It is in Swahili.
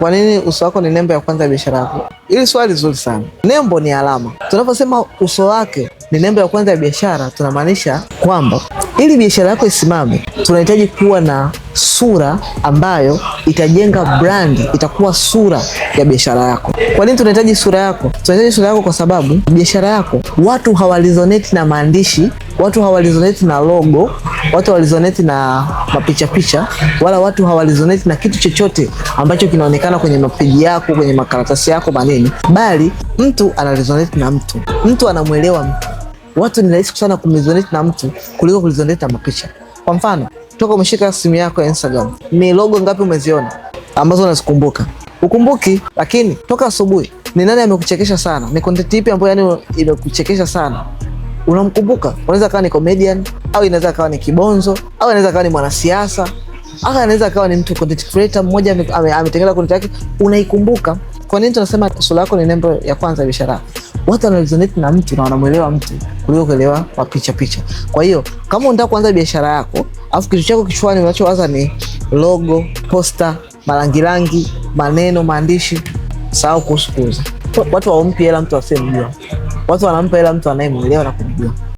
Kwa nini uso wako ni nembo ya kwanza ya biashara yako? Hili swali zuri sana. Nembo ni alama. Tunaposema uso wake ni nembo ya kwanza ya biashara, tunamaanisha kwamba ili biashara yako isimame, tunahitaji kuwa na sura ambayo itajenga brand, itakuwa sura ya biashara yako. Kwa nini tunahitaji sura yako? Tunahitaji sura yako kwa sababu biashara yako watu hawalizoneti na maandishi watu hawalizoneti na logo, watu hawalizoneti na mapicha picha, wala watu hawalizoneti na kitu chochote ambacho kinaonekana kwenye mapeji yako, kwenye makaratasi yako maneno, bali mtu analizoneti na mtu, mtu anamwelewa mtu. Watu ni rahisi sana kuresonate na mtu kuliko kulizoneti na mapicha. Kwa mfano, toka umeshika simu yako ya Instagram, ni logo ngapi umeziona ambazo unazikumbuka? Ukumbuki, lakini toka asubuhi ni nani amekuchekesha sana? Ni content ipi ambayo yani imekuchekesha sana? unamkumbuka. Unaweza kawa ni comedian au inaweza kawa ni kibonzo au inaweza kawa ni mwanasiasa au anaweza kawa ni mtu content creator mmoja ametengeneza content yake, unaikumbuka. Kwa nini tunasema sura yako ni nembo ya kwanza ya biashara? Watu wana resonate na mtu na wanamuelewa mtu kuliko kuelewa kwa picha picha. Kwa hiyo kama unataka kuanza biashara yako, afu kitu chako kichwani unachowaza ni logo, posta, marangirangi, maneno, maandishi, sahau kuhusu kuuza. Watu wawampi hela mtu asiyemjua watu wanampa hela mtu anayemwelewa na kumjua.